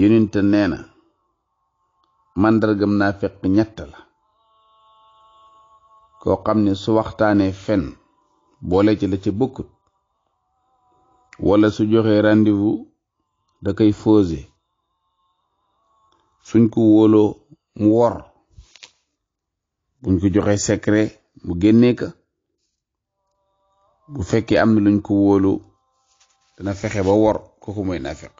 yonente nee na màndargam naa fekk ñett la koo xam ne su waxtaanee fenn boole ci la ca bokkut wala su joxee rendez-vous da koy faussé suñ ko wóoloo mu wor buñ ko joxee secret mu génnee ka bu fekkee am na luñ ko wóolu dana fexe ba wor kooku mooy naa fekk